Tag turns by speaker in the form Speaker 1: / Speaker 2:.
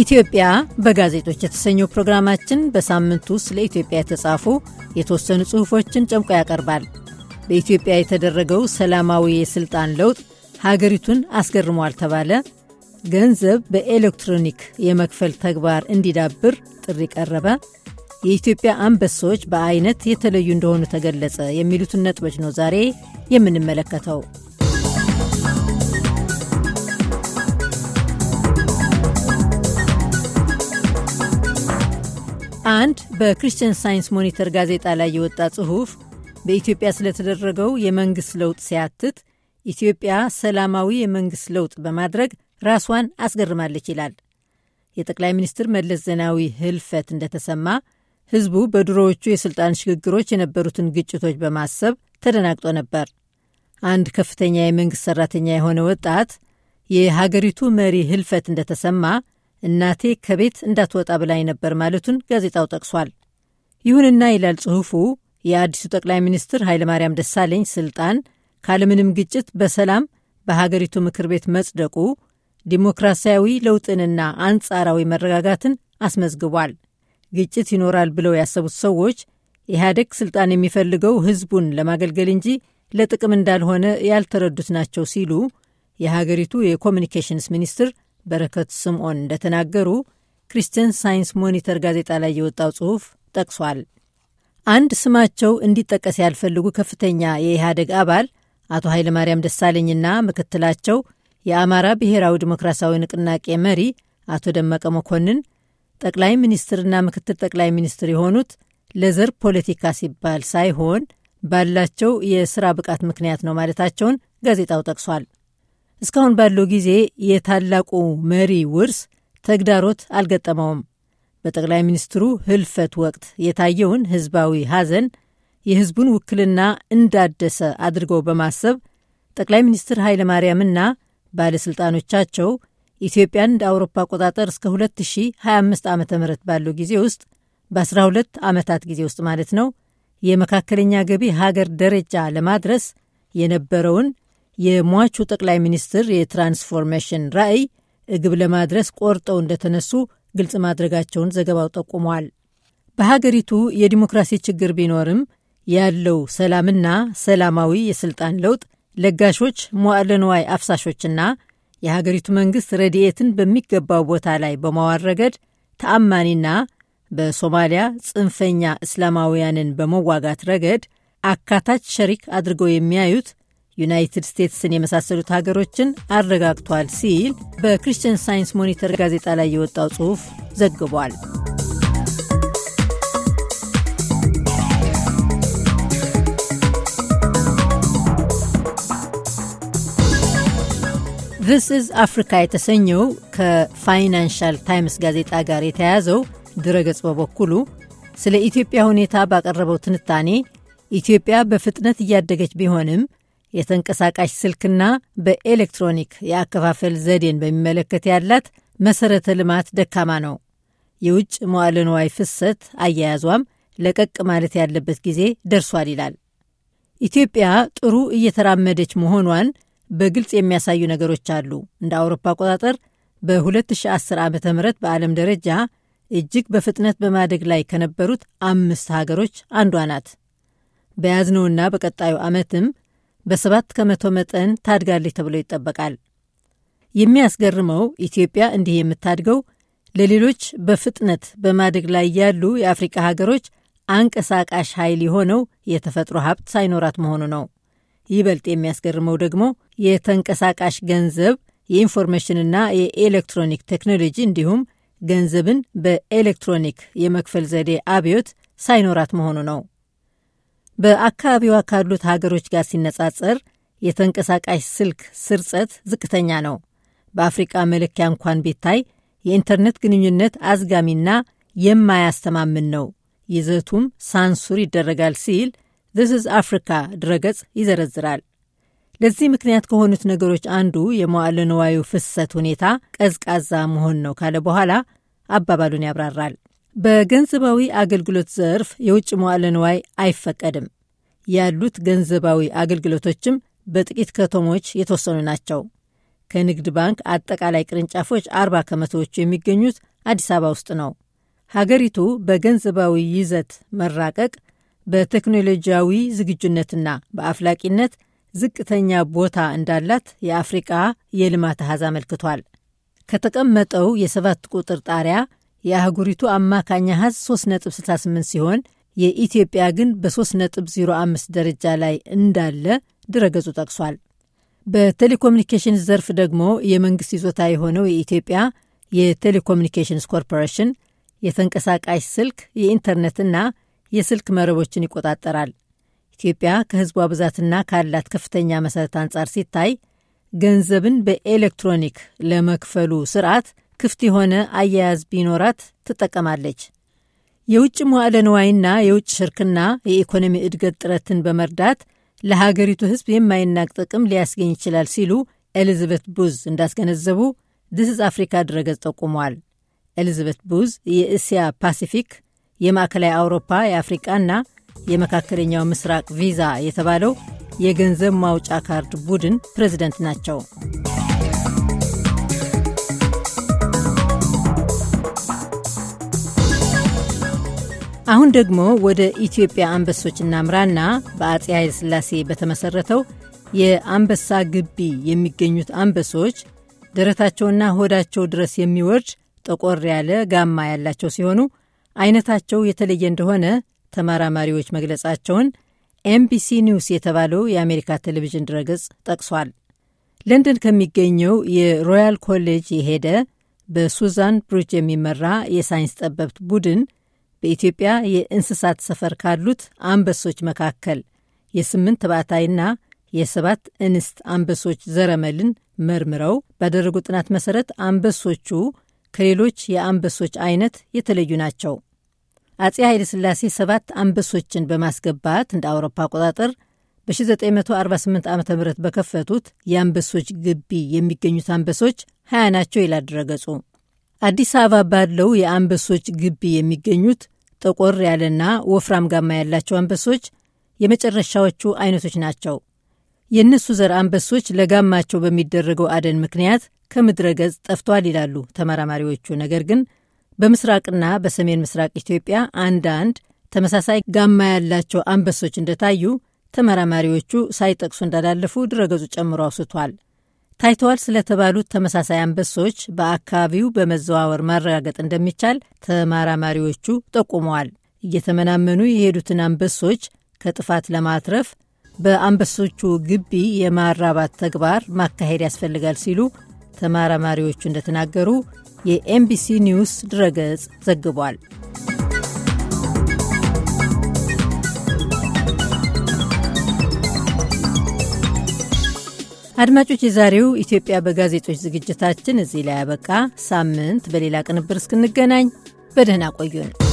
Speaker 1: ኢትዮጵያ በጋዜጦች የተሰኘው ፕሮግራማችን በሳምንት ውስጥ ለኢትዮጵያ የተጻፉ የተወሰኑ ጽሑፎችን ጨምቆ ያቀርባል። በኢትዮጵያ የተደረገው ሰላማዊ የሥልጣን ለውጥ ሀገሪቱን አስገርሟል ተባለ፣ ገንዘብ በኤሌክትሮኒክ የመክፈል ተግባር እንዲዳብር ጥሪ ቀረበ፣ የኢትዮጵያ አንበሶች በአይነት የተለዩ እንደሆኑ ተገለጸ የሚሉትን ነጥቦች ነው ዛሬ የምንመለከተው። አንድ በክርስቲያን ሳይንስ ሞኒተር ጋዜጣ ላይ የወጣ ጽሑፍ በኢትዮጵያ ስለተደረገው የመንግሥት ለውጥ ሲያትት ኢትዮጵያ ሰላማዊ የመንግሥት ለውጥ በማድረግ ራሷን አስገርማለች ይላል። የጠቅላይ ሚኒስትር መለስ ዜናዊ ህልፈት እንደተሰማ ህዝቡ በድሮዎቹ የሥልጣን ሽግግሮች የነበሩትን ግጭቶች በማሰብ ተደናግጦ ነበር። አንድ ከፍተኛ የመንግሥት ሠራተኛ የሆነ ወጣት የሀገሪቱ መሪ ህልፈት እንደተሰማ እናቴ ከቤት እንዳትወጣ ብላኝ ነበር ማለቱን ጋዜጣው ጠቅሷል። ይሁንና ይላል ጽሑፉ የአዲሱ ጠቅላይ ሚኒስትር ኃይለማርያም ደሳለኝ ስልጣን ካለምንም ግጭት በሰላም በሀገሪቱ ምክር ቤት መጽደቁ ዲሞክራሲያዊ ለውጥንና አንጻራዊ መረጋጋትን አስመዝግቧል። ግጭት ይኖራል ብለው ያሰቡት ሰዎች ኢህአዴግ ስልጣን የሚፈልገው ህዝቡን ለማገልገል እንጂ ለጥቅም እንዳልሆነ ያልተረዱት ናቸው ሲሉ የሀገሪቱ የኮሚኒኬሽንስ ሚኒስትር በረከት ስምዖን እንደተናገሩ ክርስቲያን ሳይንስ ሞኒተር ጋዜጣ ላይ የወጣው ጽሑፍ ጠቅሷል። አንድ ስማቸው እንዲጠቀስ ያልፈልጉ ከፍተኛ የኢህአደግ አባል አቶ ኃይለ ማርያም ደሳለኝና ምክትላቸው የአማራ ብሔራዊ ዲሞክራሲያዊ ንቅናቄ መሪ አቶ ደመቀ መኮንን ጠቅላይ ሚኒስትርና ምክትል ጠቅላይ ሚኒስትር የሆኑት ለዘር ፖለቲካ ሲባል ሳይሆን ባላቸው የስራ ብቃት ምክንያት ነው ማለታቸውን ጋዜጣው ጠቅሷል። እስካሁን ባለው ጊዜ የታላቁ መሪ ውርስ ተግዳሮት አልገጠመውም። በጠቅላይ ሚኒስትሩ ህልፈት ወቅት የታየውን ህዝባዊ ሐዘን የህዝቡን ውክልና እንዳደሰ አድርገው በማሰብ ጠቅላይ ሚኒስትር ኃይለ ማርያምና ባለሥልጣኖቻቸው ኢትዮጵያን እንደ አውሮፓ አቆጣጠር እስከ 2025 ዓ ም ባለው ጊዜ ውስጥ በ12 ዓመታት ጊዜ ውስጥ ማለት ነው የመካከለኛ ገቢ ሀገር ደረጃ ለማድረስ የነበረውን የሟቹ ጠቅላይ ሚኒስትር የትራንስፎርሜሽን ራዕይ እግብ ለማድረስ ቆርጠው እንደተነሱ ግልጽ ማድረጋቸውን ዘገባው ጠቁሟል። በሀገሪቱ የዲሞክራሲ ችግር ቢኖርም ያለው ሰላምና ሰላማዊ የስልጣን ለውጥ ለጋሾች፣ መዋዕለ ንዋይ አፍሳሾችና የሀገሪቱ መንግሥት ረድኤትን በሚገባው ቦታ ላይ በማዋል ረገድ ተአማኒና በሶማሊያ ጽንፈኛ እስላማውያንን በመዋጋት ረገድ አካታች ሸሪክ አድርገው የሚያዩት ዩናይትድ ስቴትስን የመሳሰሉት ሀገሮችን አረጋግቷል ሲል በክርስቲያን ሳይንስ ሞኒተር ጋዜጣ ላይ የወጣው ጽሑፍ ዘግቧል። ዚስ ኢዝ አፍሪካ የተሰኘው ከፋይናንሻል ታይምስ ጋዜጣ ጋር የተያያዘው ድረገጽ በበኩሉ ስለ ኢትዮጵያ ሁኔታ ባቀረበው ትንታኔ ኢትዮጵያ በፍጥነት እያደገች ቢሆንም የተንቀሳቃሽ ስልክና በኤሌክትሮኒክ የአከፋፈል ዘዴን በሚመለከት ያላት መሰረተ ልማት ደካማ ነው። የውጭ መዋዕለ ንዋይ ፍሰት አያያዟም ለቀቅ ማለት ያለበት ጊዜ ደርሷል ይላል። ኢትዮጵያ ጥሩ እየተራመደች መሆኗን በግልጽ የሚያሳዩ ነገሮች አሉ። እንደ አውሮፓ አቆጣጠር በ2010 ዓ ም በዓለም ደረጃ እጅግ በፍጥነት በማደግ ላይ ከነበሩት አምስት ሀገሮች አንዷ ናት። በያዝነውና በቀጣዩ ዓመትም በሰባት ከመቶ መጠን ታድጋለች ተብሎ ይጠበቃል። የሚያስገርመው ኢትዮጵያ እንዲህ የምታድገው ለሌሎች በፍጥነት በማደግ ላይ ያሉ የአፍሪቃ ሀገሮች አንቀሳቃሽ ኃይል የሆነው የተፈጥሮ ሀብት ሳይኖራት መሆኑ ነው። ይበልጥ የሚያስገርመው ደግሞ የተንቀሳቃሽ ገንዘብ፣ የኢንፎርሜሽንና የኤሌክትሮኒክ ቴክኖሎጂ እንዲሁም ገንዘብን በኤሌክትሮኒክ የመክፈል ዘዴ አብዮት ሳይኖራት መሆኑ ነው። በአካባቢዋ ካሉት ሀገሮች ጋር ሲነጻጸር የተንቀሳቃሽ ስልክ ስርጸት ዝቅተኛ ነው። በአፍሪቃ መለኪያ እንኳን ቢታይ የኢንተርኔት ግንኙነት አዝጋሚና የማያስተማምን ነው፣ ይዘቱም ሳንሱር ይደረጋል ሲል ዚስ ኢዝ አፍሪካ ድረገጽ ይዘረዝራል። ለዚህ ምክንያት ከሆኑት ነገሮች አንዱ የመዋዕለ ንዋዩ ፍሰት ሁኔታ ቀዝቃዛ መሆን ነው ካለ በኋላ አባባሉን ያብራራል። በገንዘባዊ አገልግሎት ዘርፍ የውጭ መዋለ ንዋይ አይፈቀድም። ያሉት ገንዘባዊ አገልግሎቶችም በጥቂት ከተሞች የተወሰኑ ናቸው። ከንግድ ባንክ አጠቃላይ ቅርንጫፎች አርባ ከመቶዎቹ የሚገኙት አዲስ አበባ ውስጥ ነው። ሀገሪቱ በገንዘባዊ ይዘት መራቀቅ፣ በቴክኖሎጂያዊ ዝግጁነትና በአፍላቂነት ዝቅተኛ ቦታ እንዳላት የአፍሪቃ የልማት አሃዝ አመልክቷል። ከተቀመጠው የሰባት ቁጥር ጣሪያ የአህጉሪቱ አማካኝ አሃዝ 3.68 ሲሆን የኢትዮጵያ ግን በ3.05 ደረጃ ላይ እንዳለ ድረገጹ ጠቅሷል። በቴሌኮሚኒኬሽንስ ዘርፍ ደግሞ የመንግስት ይዞታ የሆነው የኢትዮጵያ የቴሌኮሚኒኬሽንስ ኮርፖሬሽን የተንቀሳቃሽ ስልክ የኢንተርኔትና የስልክ መረቦችን ይቆጣጠራል። ኢትዮጵያ ከህዝቧ ብዛትና ካላት ከፍተኛ መሠረት አንጻር ሲታይ ገንዘብን በኤሌክትሮኒክ ለመክፈሉ ስርዓት ክፍት የሆነ አያያዝ ቢኖራት ትጠቀማለች። የውጭ መዋዕለ ንዋይና የውጭ ሽርክና የኢኮኖሚ እድገት ጥረትን በመርዳት ለሀገሪቱ ሕዝብ የማይናቅ ጥቅም ሊያስገኝ ይችላል ሲሉ ኤሊዝቤት ቡዝ እንዳስገነዘቡ ዲስዝ አፍሪካ ድረገጽ ጠቁሟል። ኤሊዝቤት ቡዝ የእስያ ፓሲፊክ፣ የማዕከላዊ አውሮፓ፣ የአፍሪቃና የመካከለኛው ምስራቅ ቪዛ የተባለው የገንዘብ ማውጫ ካርድ ቡድን ፕሬዝደንት ናቸው። አሁን ደግሞ ወደ ኢትዮጵያ አንበሶች እናምራና በአፄ ኃይለ ሥላሴ በተመሠረተው የአንበሳ ግቢ የሚገኙት አንበሶች ደረታቸውና ሆዳቸው ድረስ የሚወርድ ጠቆር ያለ ጋማ ያላቸው ሲሆኑ አይነታቸው የተለየ እንደሆነ ተመራማሪዎች መግለጻቸውን ኤምቢሲ ኒውስ የተባለው የአሜሪካ ቴሌቪዥን ድረገጽ ጠቅሷል። ለንደን ከሚገኘው የሮያል ኮሌጅ የሄደ በሱዛን ብሩጅ የሚመራ የሳይንስ ጠበብት ቡድን በኢትዮጵያ የእንስሳት ሰፈር ካሉት አንበሶች መካከል የስምንት ተባዕታይና የሰባት እንስት አንበሶች ዘረመልን መርምረው ባደረጉ ጥናት መሰረት አንበሶቹ ከሌሎች የአንበሶች አይነት የተለዩ ናቸው። አጼ ሥላሴ ሰባት አንበሶችን በማስገባት እንደ አውሮፓ አቆጣጠር በ1948 ዓ ም በከፈቱት የአንበሶች ግቢ የሚገኙት አንበሶች ሀያ ናቸው ይላል ድረገጹ። አዲስ አበባ ባለው የአንበሶች ግቢ የሚገኙት ጠቆር ያለና ወፍራም ጋማ ያላቸው አንበሶች የመጨረሻዎቹ አይነቶች ናቸው። የእነሱ ዘር አንበሶች ለጋማቸው በሚደረገው አደን ምክንያት ከምድረ ገጽ ጠፍቷል ይላሉ ተመራማሪዎቹ። ነገር ግን በምስራቅና በሰሜን ምስራቅ ኢትዮጵያ አንዳንድ ተመሳሳይ ጋማ ያላቸው አንበሶች እንደታዩ ተመራማሪዎቹ ሳይጠቅሱ እንዳላለፉ ድረገጹ ጨምሮ አውስቷል። ታይተዋል ስለተባሉት ተመሳሳይ አንበሶች በአካባቢው በመዘዋወር ማረጋገጥ እንደሚቻል ተማራማሪዎቹ ጠቁመዋል። እየተመናመኑ የሄዱትን አንበሶች ከጥፋት ለማትረፍ በአንበሶቹ ግቢ የማራባት ተግባር ማካሄድ ያስፈልጋል ሲሉ ተማራማሪዎቹ እንደተናገሩ የኤምቢሲ ኒውስ ድረገጽ ዘግቧል። አድማጮች፣ የዛሬው ኢትዮጵያ በጋዜጦች ዝግጅታችን እዚህ ላይ ያበቃ። ሳምንት በሌላ ቅንብር እስክንገናኝ በደህና ቆዩን።